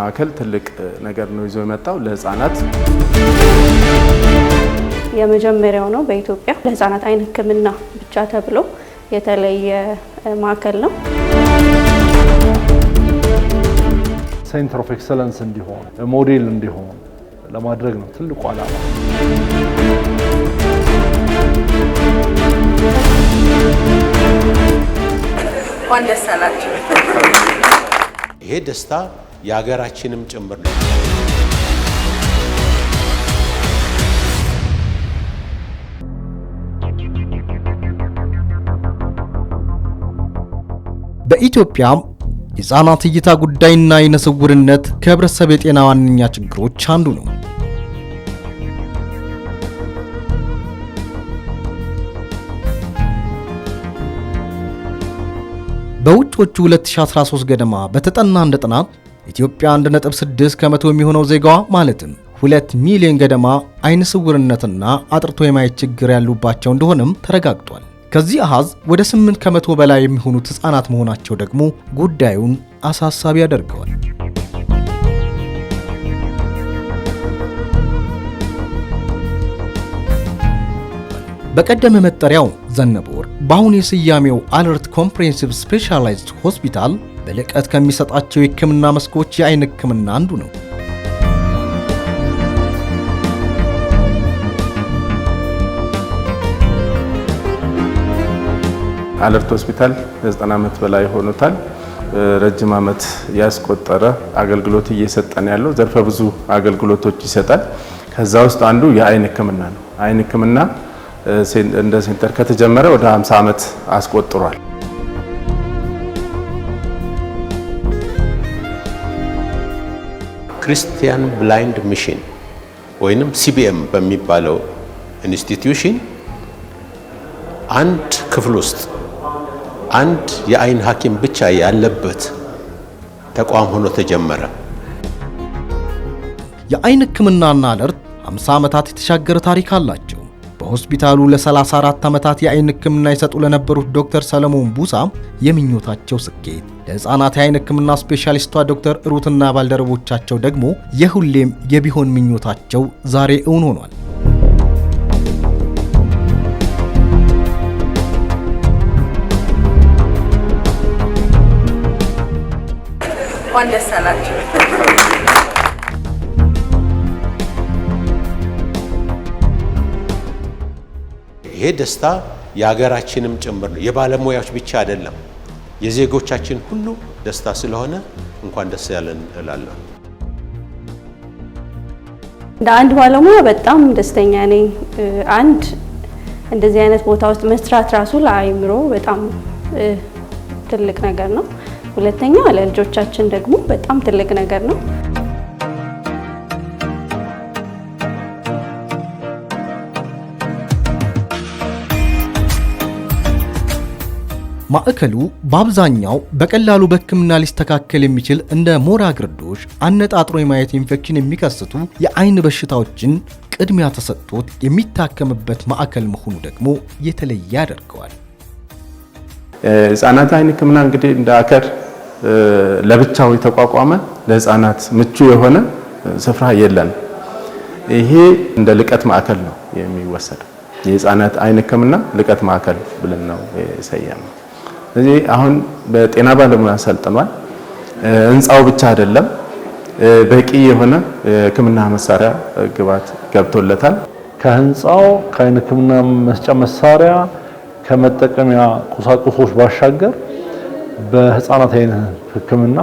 ማዕከል ትልቅ ነገር ነው ይዞ የመጣው ለህፃናት የመጀመሪያው ነው በኢትዮጵያ ለህፃናት አይን ህክምና ብቻ ተብሎ የተለየ ማዕከል ነው። ሴንተር ኦፍ ኤክሰለንስ እንዲሆን ሞዴል እንዲሆን ለማድረግ ነው ትልቁ ዓላማ። እንኳን ደስ አላችሁ። ይሄ ደስታ የሀገራችንም ጭምር ነው። በኢትዮጵያ የህፃናት እይታ ጉዳይና ዓይነ ስውርነት ከህብረተሰብ የጤና ዋነኛ ችግሮች አንዱ ነው። በውጮቹ 2013 ገደማ በተጠና እንደ ጥናት ኢትዮጵያ 1.6 ከመቶ የሚሆነው ዜጋዋ ማለትም ሁለት ሚሊዮን ገደማ አይነ ስውርነትና አጥርቶ የማየት ችግር ያሉባቸው እንደሆነም ተረጋግጧል። ከዚህ አሃዝ ወደ 8 ከመቶ በላይ የሚሆኑት ሕፃናት መሆናቸው ደግሞ ጉዳዩን አሳሳቢ ያደርገዋል። በቀደመ መጠሪያው ዘነቦር በአሁን የስያሜው አለርት ኮምፕሬሄንሲቭ ስፔሻላይዝድ ሆስፒታል በልቀት ከሚሰጣቸው የህክምና መስኮች የአይን ህክምና አንዱ ነው። አለርት ሆስፒታል ከ ዓመት በላይ ሆኖታል። ረጅም ዓመት ያስቆጠረ አገልግሎት እየሰጠን ያለው ዘርፈ ብዙ አገልግሎቶች ይሰጣል። ከዛ ውስጥ አንዱ የአይን ህክምና ነው። አይን ህክምና እንደ ሴንተር ከተጀመረ ወደ 50 ዓመት አስቆጥሯል። ክርስቲያን ብላይንድ ሚሽን ወይንም ሲቢኤም በሚባለው ኢንስቲትዩሽን አንድ ክፍል ውስጥ አንድ የአይን ሐኪም ብቻ ያለበት ተቋም ሆኖ ተጀመረ። የአይን ሕክምናና አለርት 50 ዓመታት የተሻገረ ታሪክ አላቸው። በሆስፒታሉ ለ34 ዓመታት የአይን ህክምና ይሰጡ ለነበሩት ዶክተር ሰለሞን ቡሳ የምኞታቸው ስኬት፣ ለህፃናት የአይን ህክምና ስፔሻሊስቷ ዶክተር ሩትና ባልደረቦቻቸው ደግሞ የሁሌም የቢሆን ምኞታቸው ዛሬ እውን ሆኗል። እንኳን ደስ አላችሁ። ይሄ ደስታ የሀገራችንም ጭምር ነው። የባለሙያዎች ብቻ አይደለም፣ የዜጎቻችን ሁሉ ደስታ ስለሆነ እንኳን ደስ ያለን እላለሁ። እንደ አንድ ባለሙያ በጣም ደስተኛ ነኝ። አንድ እንደዚህ አይነት ቦታ ውስጥ መስራት ራሱ ለአይምሮ በጣም ትልቅ ነገር ነው። ሁለተኛ ለልጆቻችን ደግሞ በጣም ትልቅ ነገር ነው። ማዕከሉ በአብዛኛው በቀላሉ በሕክምና ሊስተካከል የሚችል እንደ ሞራ ግርዶሽ፣ አነጣጥሮ የማየት ኢንፌክሽን የሚከስቱ የአይን በሽታዎችን ቅድሚያ ተሰጥቶት የሚታከምበት ማዕከል መሆኑ ደግሞ የተለየ ያደርገዋል። ህጻናት አይን ሕክምና እንግዲህ እንደ አከር ለብቻው የተቋቋመ ለህጻናት ምቹ የሆነ ስፍራ የለን። ይሄ እንደ ልቀት ማዕከል ነው የሚወሰደው። የህጻናት አይን ሕክምና ልቀት ማዕከል ብለን ነው የሰየመው። ስለዚህ አሁን በጤና ባለሙያ ሰልጥኗል። ህንፃው ብቻ አይደለም፣ በቂ የሆነ ህክምና መሳሪያ ግብዓት ገብቶለታል። ከህንፃው ከአይን ህክምና መስጫ መሳሪያ ከመጠቀሚያ ቁሳቁሶች ባሻገር በህፃናት አይን ህክምና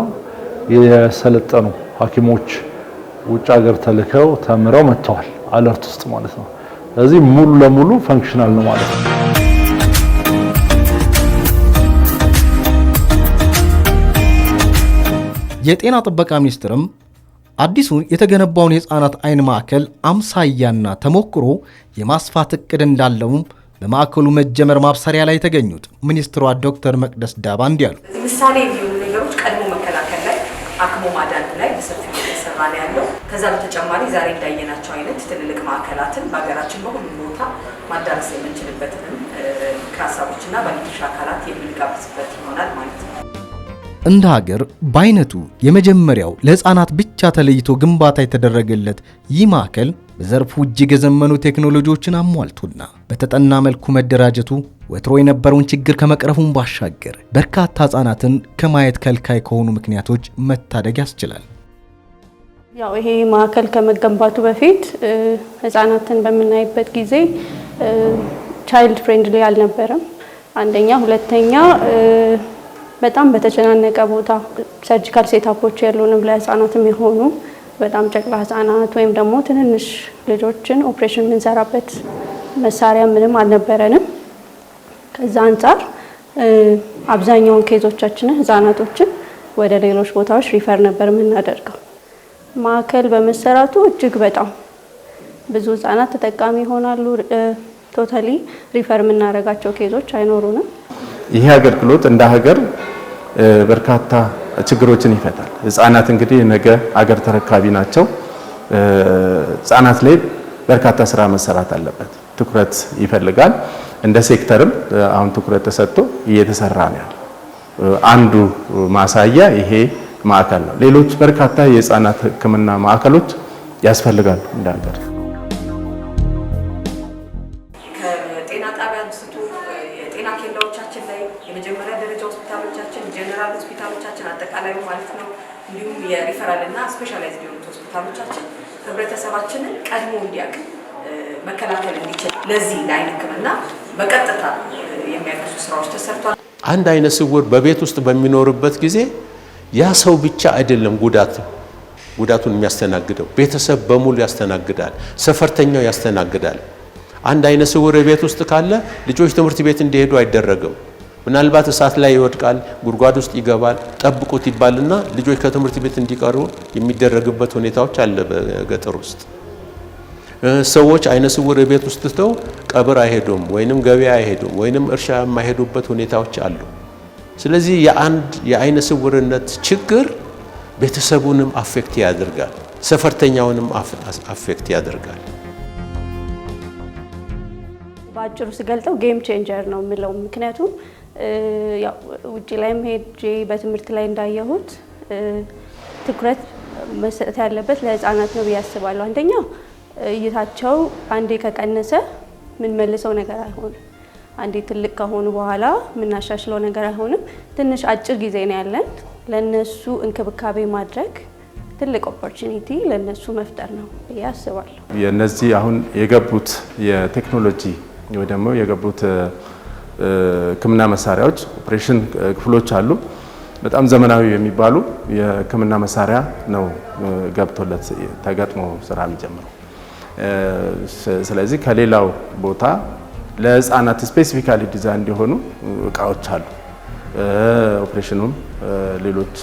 የሰለጠኑ ሐኪሞች ውጭ ሀገር ተልከው ተምረው መጥተዋል። አለርት ውስጥ ማለት ነው። ስለዚህ ሙሉ ለሙሉ ፈንክሽናል ነው ማለት ነው። የጤና ጥበቃ ሚኒስትርም አዲሱን የተገነባውን የሕፃናት አይን ማዕከል አምሳያና ተሞክሮ የማስፋት እቅድ እንዳለውም በማዕከሉ መጀመር ማብሰሪያ ላይ የተገኙት ሚኒስትሯ ዶክተር መቅደስ ዳባ እንዲህ አሉ። ምሳሌ የሚሆኑ ነገሮች ቀድሞ መከላከል ላይ አክሞ ማዳን ላይ በሰፊው እየተሰራ ነው ያለው። ከዛ በተጨማሪ ዛሬ እንዳየናቸው አይነት ትልልቅ ማዕከላትን በሀገራችን በሁሉም ቦታ ማዳረስ የምንችልበትንም ከሀሳቦችና ባለድርሻ አካላት የምንጋብዝበት ይሆናል ማለት ነው። እንደ ሀገር በአይነቱ የመጀመሪያው ለህፃናት ብቻ ተለይቶ ግንባታ የተደረገለት ይህ ማዕከል በዘርፉ እጅግ የዘመኑ ቴክኖሎጂዎችን አሟልቶና በተጠና መልኩ መደራጀቱ ወትሮ የነበረውን ችግር ከመቅረፉን ባሻገር በርካታ ህፃናትን ከማየት ከልካይ ከሆኑ ምክንያቶች መታደግ ያስችላል። ያው ይሄ ማዕከል ከመገንባቱ በፊት ህፃናትን በምናይበት ጊዜ ቻይልድ ፍሬንድሊ አልነበረም። አንደኛ፣ ሁለተኛ በጣም በተጨናነቀ ቦታ ሰርጂካል ሴታፖች ያሉንም ለህፃናትም የሆኑ በጣም ጨቅላ ህፃናት ወይም ደግሞ ትንንሽ ልጆችን ኦፕሬሽን የምንሰራበት መሳሪያ ምንም አልነበረንም። ከዛ አንጻር አብዛኛውን ኬዞቻችንን ህፃናቶችን ወደ ሌሎች ቦታዎች ሪፈር ነበር የምናደርገው። ማዕከል በመሰራቱ እጅግ በጣም ብዙ ህፃናት ተጠቃሚ ይሆናሉ። ቶታሊ ሪፈር የምናደርጋቸው ኬዞች አይኖሩንም። ይሄ አገልግሎት እንደ ሀገር በርካታ ችግሮችን ይፈታል። ህጻናት እንግዲህ ነገ አገር ተረካቢ ናቸው። ህጻናት ላይ በርካታ ስራ መሰራት አለበት፣ ትኩረት ይፈልጋል። እንደ ሴክተርም አሁን ትኩረት ተሰጥቶ እየተሰራ ነው። አንዱ ማሳያ ይሄ ማዕከል ነው። ሌሎች በርካታ የህፃናት ህክምና ማዕከሎች ያስፈልጋሉ እንደ ሀገር። ሪፈራል ስፔሻላይዝድ የሆኑት ሆስፒታሎቻችን ህብረተሰባችንን ቀድሞ እንዲያውቅ መከላከል እንዲችል ለዚህ ለአይን ህክምና በቀጥታ የሚያደርሱ ስራዎች ተሰርቷል። አንድ አይነ ስውር በቤት ውስጥ በሚኖርበት ጊዜ ያ ሰው ብቻ አይደለም ጉዳት ጉዳቱን የሚያስተናግደው ቤተሰብ በሙሉ ያስተናግዳል፣ ሰፈርተኛው ያስተናግዳል። አንድ አይነ ስውር ቤት ውስጥ ካለ ልጆች ትምህርት ቤት እንዲሄዱ አይደረግም። ምናልባት እሳት ላይ ይወድቃል፣ ጉድጓድ ውስጥ ይገባል፣ ጠብቁት ይባልና ልጆች ከትምህርት ቤት እንዲቀሩ የሚደረግበት ሁኔታዎች አለ በገጠር ውስጥ። ሰዎች አይነ ስውር ቤት ውስጥ ትተው ቀብር አይሄዱም፣ ወይንም ገበያ አይሄዱም፣ ወይንም እርሻ የማይሄዱበት ሁኔታዎች አሉ። ስለዚህ የአንድ የአይነ ስውርነት ችግር ቤተሰቡንም አፌክት ያደርጋል፣ ሰፈርተኛውንም አፌክት ያደርጋል። በአጭሩ ስገልጠው ጌም ቼንጀር ነው የምለው። ምክንያቱም ውጭ ላይም ሄጄ በትምህርት ላይ እንዳየሁት ትኩረት መሰጠት ያለበት ለህፃናት ነው ብዬ አስባለሁ። አንደኛው እይታቸው አንዴ ከቀነሰ የምንመልሰው ነገር አይሆንም። አንዴ ትልቅ ከሆኑ በኋላ የምናሻሽለው ነገር አይሆንም። ትንሽ አጭር ጊዜ ነው ያለን። ለእነሱ እንክብካቤ ማድረግ ትልቅ ኦፖርቹኒቲ ለእነሱ መፍጠር ነው ብዬ አስባለሁ። የእነዚህ አሁን የገቡት የቴክኖሎጂ ወይ ደግሞ የገቡት ህክምና መሳሪያዎች ኦፕሬሽን ክፍሎች አሉ። በጣም ዘመናዊ የሚባሉ የህክምና መሳሪያ ነው ገብቶለት ተገጥሞ ስራ የሚጀምረው። ስለዚህ ከሌላው ቦታ ለህፃናት ስፔሲፊካሊ ዲዛይን እንዲሆኑ እቃዎች አሉ። ኦፕሬሽኑም ሌሎች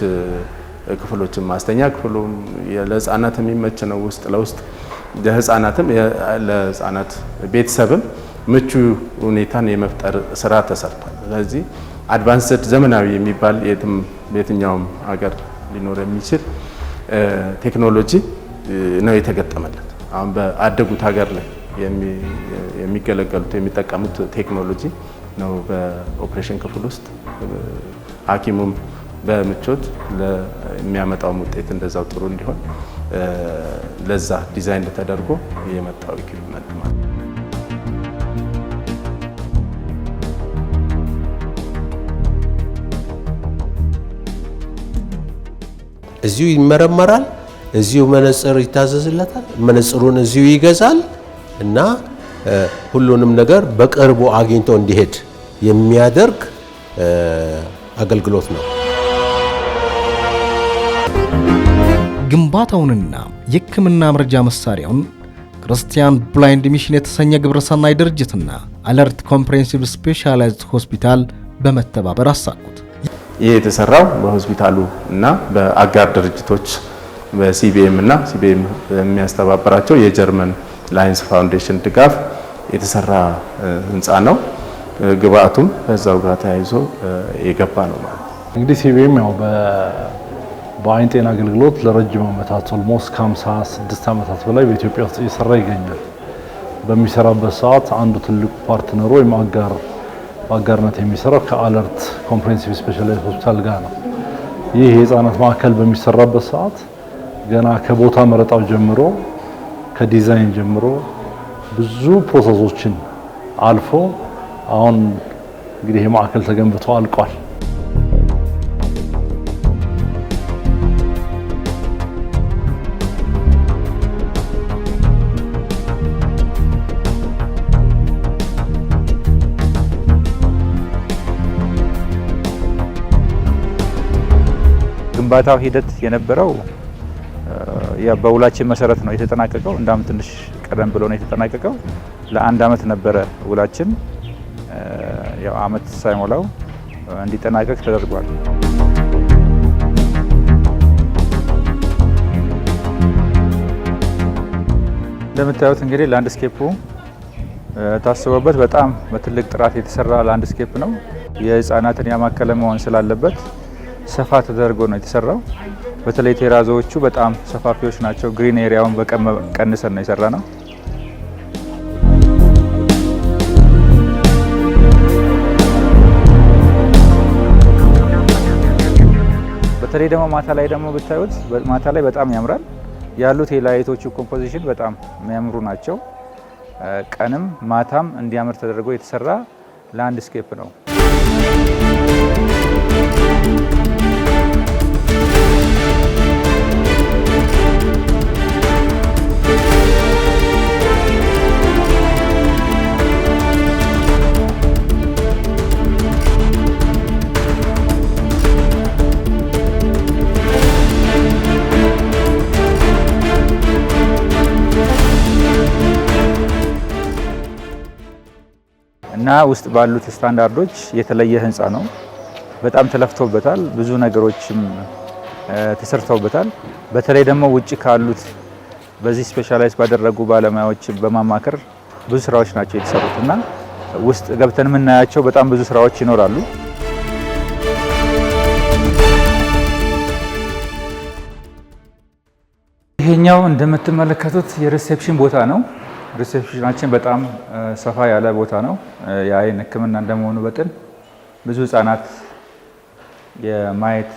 ክፍሎችን ማስተኛ ክፍሉም ለህፃናት የሚመች ነው። ውስጥ ለውስጥ ለህፃናትም ለህፃናት ቤተሰብም ምቹ ሁኔታን የመፍጠር ስራ ተሰርቷል። ስለዚህ አድቫንስድ ዘመናዊ የሚባል የትኛውም ሀገር ሊኖር የሚችል ቴክኖሎጂ ነው የተገጠመለት። አሁን በአደጉት ሀገር ላይ የሚገለገሉት የሚጠቀሙት ቴክኖሎጂ ነው። በኦፕሬሽን ክፍል ውስጥ ሐኪሙም በምቾት ለሚያመጣውም ውጤት እንደዛው ጥሩ እንዲሆን ለዛ ዲዛይን ተደርጎ የመጣው ኢኩዊፕመንት ማለት እዚሁ ይመረመራል፣ እዚሁ መነጽር ይታዘዝለታል፣ መነጽሩን እዚሁ ይገዛል እና ሁሉንም ነገር በቅርቡ አግኝቶ እንዲሄድ የሚያደርግ አገልግሎት ነው። ግንባታውንና የሕክምና መርጃ መሳሪያውን ክርስቲያን ብላይንድ ሚሽን የተሰኘ ግብረሰናይ ድርጅትና አለርት ኮምፕሬሄንሲቭ ስፔሻላይዝድ ሆስፒታል በመተባበር አሳኩት። ይሄ የተሰራው በሆስፒታሉ እና በአጋር ድርጅቶች በሲቢኤም እና ሲቢኤም የሚያስተባብራቸው የጀርመን ላይንስ ፋውንዴሽን ድጋፍ የተሰራ ህንፃ ነው። ግብአቱም በዛው ጋር ተያይዞ የገባ ነው ማለት ነው። እንግዲህ ሲቢኤም ያው በአይን ጤና አገልግሎት ለረጅም ዓመታት ኦልሞስት ከ56 ዓመታት በላይ በኢትዮጵያ ውስጥ እየሰራ ይገኛል። በሚሰራበት ሰዓት አንዱ ትልቁ ፓርትነር ወይም አጋር በአጋርነት የሚሰራው ከአለርት ኮምፕሬንሲቭ ስፔሻላይዝ ሆስፒታል ጋር ነው። ይህ የህፃናት ማዕከል በሚሰራበት ሰዓት ገና ከቦታ መረጣው ጀምሮ ከዲዛይን ጀምሮ ብዙ ፕሮሰሶችን አልፎ አሁን እንግዲህ የማዕከል ማዕከል ተገንብቶ አልቋል። ግንባታው ሂደት የነበረው በውላችን መሰረት ነው የተጠናቀቀው። እንዳም ትንሽ ቀደም ብሎ ነው የተጠናቀቀው። ለአንድ አመት ነበረ ውላችን። ያው አመት ሳይሞላው እንዲጠናቀቅ ተደርጓል። እንደምታዩት እንግዲህ ላንድስኬፑ ስኬፑ ታስቦበት በጣም በትልቅ ጥራት የተሰራ ላንድስኬፕ ስኬፕ ነው። የህፃናትን ያማከለ መሆን ስላለበት ሰፋ ተደርጎ ነው የተሰራው። በተለይ ቴራዞዎቹ በጣም ሰፋፊዎች ናቸው። ግሪን ኤሪያውን በቀንሰን ነው የሰራ ነው። በተለይ ደግሞ ማታ ላይ ደግሞ ብታዩት ማታ ላይ በጣም ያምራል። ያሉት የላይቶቹ ኮምፖዚሽን በጣም የሚያምሩ ናቸው። ቀንም ማታም እንዲያምር ተደርጎ የተሰራ ላንድስኬፕ ነው። እና ውስጥ ባሉት ስታንዳርዶች የተለየ ህንፃ ነው። በጣም ተለፍቶበታል። ብዙ ነገሮችም ተሰርተውበታል። በተለይ ደግሞ ውጭ ካሉት በዚህ ስፔሻላይዝ ባደረጉ ባለሙያዎች በማማከር ብዙ ስራዎች ናቸው የተሰሩት እና ውስጥ ገብተን የምናያቸው በጣም ብዙ ስራዎች ይኖራሉ። ይሄኛው እንደምትመለከቱት የሪሴፕሽን ቦታ ነው። ሪሴፕሽናችን በጣም ሰፋ ያለ ቦታ ነው። የአይን ሕክምና እንደመሆኑ በጥን ብዙ ህጻናት የማየት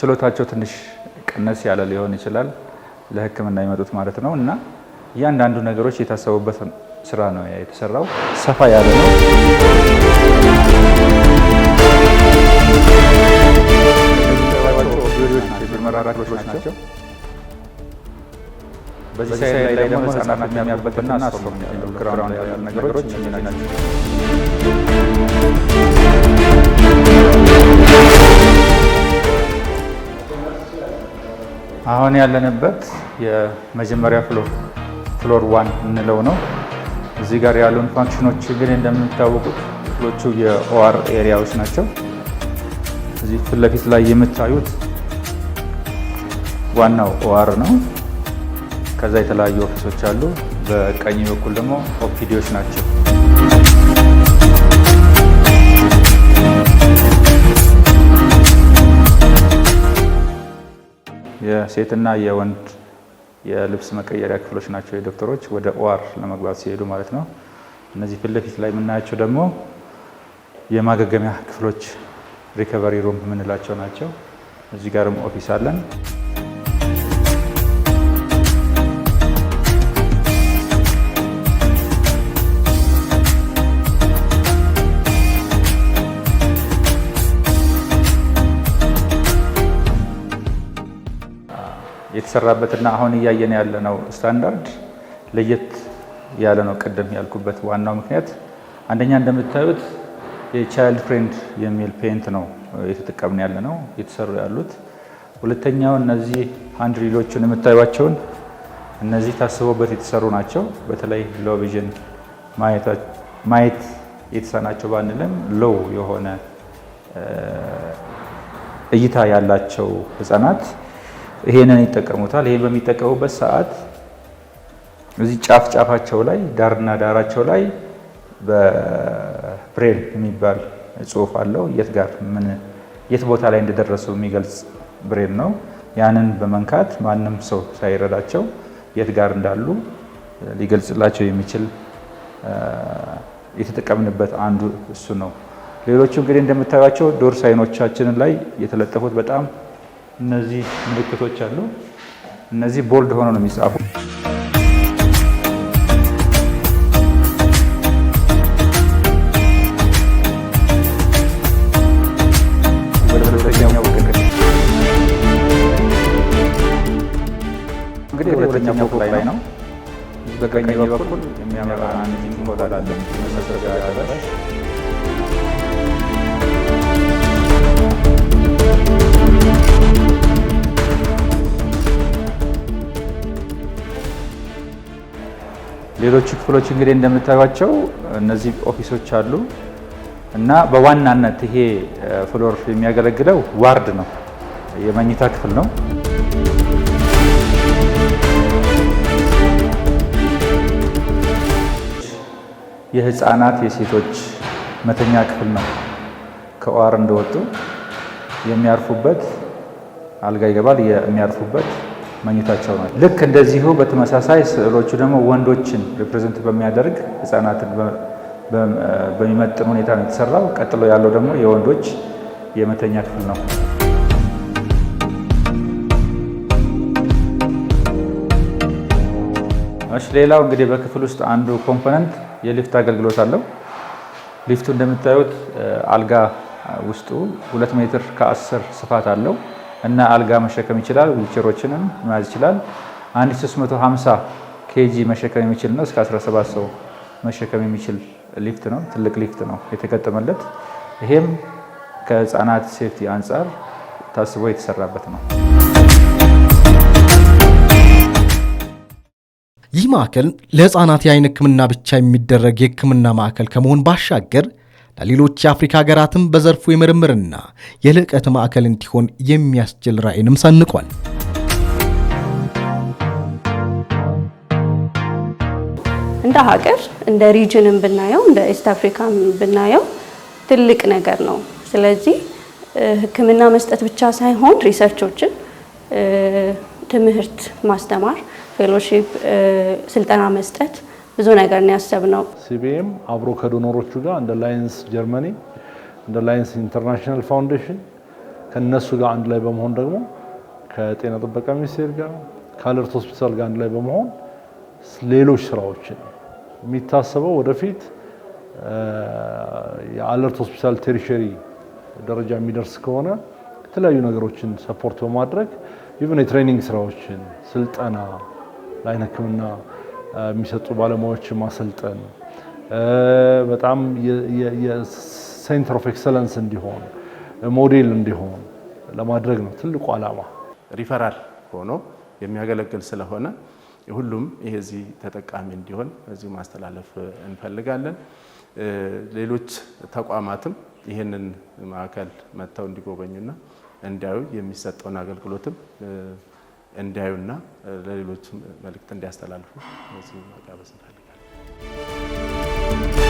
ችሎታቸው ትንሽ ቅነስ ያለ ሊሆን ይችላል ለሕክምና የመጡት ማለት ነው እና እያንዳንዱ ነገሮች የታሰቡበት ስራ ነው የተሰራው፣ ሰፋ ያለ ነው። ናቸው በዚህ ላይ ደግሞ ህጻናት ያሉ ነገሮች አሁን ያለንበት የመጀመሪያ ፍሎር ፍሎር ዋን እንለው ነው። እዚህ ጋር ያሉን ፋንክሽኖች ግን እንደምታወቁት ክፍሎቹ የኦአር ኤሪያዎች ናቸው። እዚህ ፊት ለፊት ላይ የምታዩት ዋናው ኦአር ነው። ከዛ የተለያዩ ኦፊሶች አሉ። በቀኝ በኩል ደግሞ ኦፒዲዎች ናቸው። የሴትና የወንድ የልብስ መቀየሪያ ክፍሎች ናቸው። የዶክተሮች ወደ ኦዋር ለመግባት ሲሄዱ ማለት ነው። እነዚህ ፊት ለፊት ላይ የምናያቸው ደግሞ የማገገሚያ ክፍሎች ሪከቨሪ ሩም የምንላቸው ናቸው። እዚህ ጋርም ኦፊስ አለን። የተሰራበትና አሁን እያየን ያለነው ስታንዳርድ ለየት ያለ ነው። ቅድም ያልኩበት ዋናው ምክንያት አንደኛ እንደምታዩት የቻይልድ ፍሬንድ የሚል ፔንት ነው የተጠቀምን ያለ ነው የተሰሩ ያሉት። ሁለተኛው እነዚህ አንድ ሪሎቹን የምታዩቸውን እነዚህ ታስቦበት የተሰሩ ናቸው። በተለይ ሎው ቪዥን ማየት የተሳናቸው ባንልም ሎው የሆነ እይታ ያላቸው ህጻናት ይሄንን ይጠቀሙታል። ይሄ በሚጠቀሙበት ሰዓት እዚህ ጫፍ ጫፋቸው ላይ ዳርና ዳራቸው ላይ በብሬል የሚባል ጽሁፍ አለው። የት ጋር ምን የት ቦታ ላይ እንደደረሱ የሚገልጽ ብሬል ነው። ያንን በመንካት ማንም ሰው ሳይረዳቸው የት ጋር እንዳሉ ሊገልጽላቸው የሚችል የተጠቀምንበት አንዱ እሱ ነው። ሌሎቹ እንግዲህ እንደምታዩቸው ዶር ሳይኖቻችንን ላይ የተለጠፉት በጣም እነዚህ ምልክቶች አሉ። እነዚህ ቦልድ ሆነው ነው የሚጻፉ። እንግዲህ ሁለተኛ ፎቅ ላይ ነው። በቀኝ በኩል የሚያመራ አንድ ቦታ አለ መሰረተ ሌሎቹ ክፍሎች እንግዲህ እንደምታዩቸው እነዚህ ኦፊሶች አሉ እና በዋናነት ይሄ ፍሎር የሚያገለግለው ዋርድ ነው፣ የመኝታ ክፍል ነው። የህፃናት የሴቶች መተኛ ክፍል ነው። ከዋር እንደወጡ የሚያርፉበት አልጋ ይገባል፣ የሚያርፉበት መኝታቸው ነው። ልክ እንደዚሁ በተመሳሳይ ስዕሎቹ ደግሞ ወንዶችን ሪፕሬዘንት በሚያደርግ ህጻናትን በሚመጥን ሁኔታ ነው የተሰራው። ቀጥሎ ያለው ደግሞ የወንዶች የመተኛ ክፍል ነው። እሺ ሌላው እንግዲህ በክፍል ውስጥ አንዱ ኮምፖነንት የሊፍት አገልግሎት አለው። ሊፍቱ እንደምታዩት አልጋ ውስጡ ሁለት ሜትር ከአስር ስፋት አለው። እና አልጋ መሸከም ይችላል። ዊልቸሮችንም መያዝ ይችላል። 1350 ኬጂ መሸከም የሚችል ነው። እስከ 17 ሰው መሸከም የሚችል ሊፍት ነው። ትልቅ ሊፍት ነው የተገጠመለት። ይሄም ከህፃናት ሴፍቲ አንጻር ታስቦ የተሰራበት ነው። ይህ ማዕከል ለህፃናት የአይን ህክምና ብቻ የሚደረግ የህክምና ማዕከል ከመሆን ባሻገር ለሌሎች የአፍሪካ ሀገራትም በዘርፉ የምርምርና የልዕቀት ማዕከል እንዲሆን የሚያስችል ራዕይንም ሰንቋል። እንደ ሀገር እንደ ሪጅንም ብናየው እንደ ኢስት አፍሪካም ብናየው ትልቅ ነገር ነው። ስለዚህ ሕክምና መስጠት ብቻ ሳይሆን ሪሰርቾችን፣ ትምህርት ማስተማር፣ ፌሎሺፕ ስልጠና መስጠት ብዙ ነገር ነው ያሰብነው። ሲቢኤም አብሮ ከዶኖሮቹ ጋር እንደ ላይንስ ጀርመኒ፣ እንደ ላይንስ ኢንተርናሽናል ፋውንዴሽን ከነሱ ጋር አንድ ላይ በመሆን ደግሞ ከጤና ጥበቃ ሚኒስቴር ጋር ከአለርት ሆስፒታል ጋር አንድ ላይ በመሆን ሌሎች ስራዎችን የሚታሰበው ወደፊት የአለርት ሆስፒታል ቴሪሸሪ ደረጃ የሚደርስ ከሆነ የተለያዩ ነገሮችን ሰፖርት በማድረግ ኢቨን የትሬኒንግ ስራዎችን ስልጠና ላይን ህክምና የሚሰጡ ባለሙያዎች ማሰልጠን በጣም የሴንተር ኦፍ ኤክሰለንስ እንዲሆን ሞዴል እንዲሆን ለማድረግ ነው ትልቁ ዓላማ። ሪፈራል ሆኖ የሚያገለግል ስለሆነ ሁሉም ይሄ እዚህ ተጠቃሚ እንዲሆን እዚህ ማስተላለፍ እንፈልጋለን። ሌሎች ተቋማትም ይህንን ማዕከል መጥተው እንዲጎበኙና እንዲያዩ የሚሰጠውን አገልግሎትም እንዲያዩና ለሌሎችም መልእክት እንዲያስተላልፉ በዚህ ማጋበዝ እንፈልጋለን።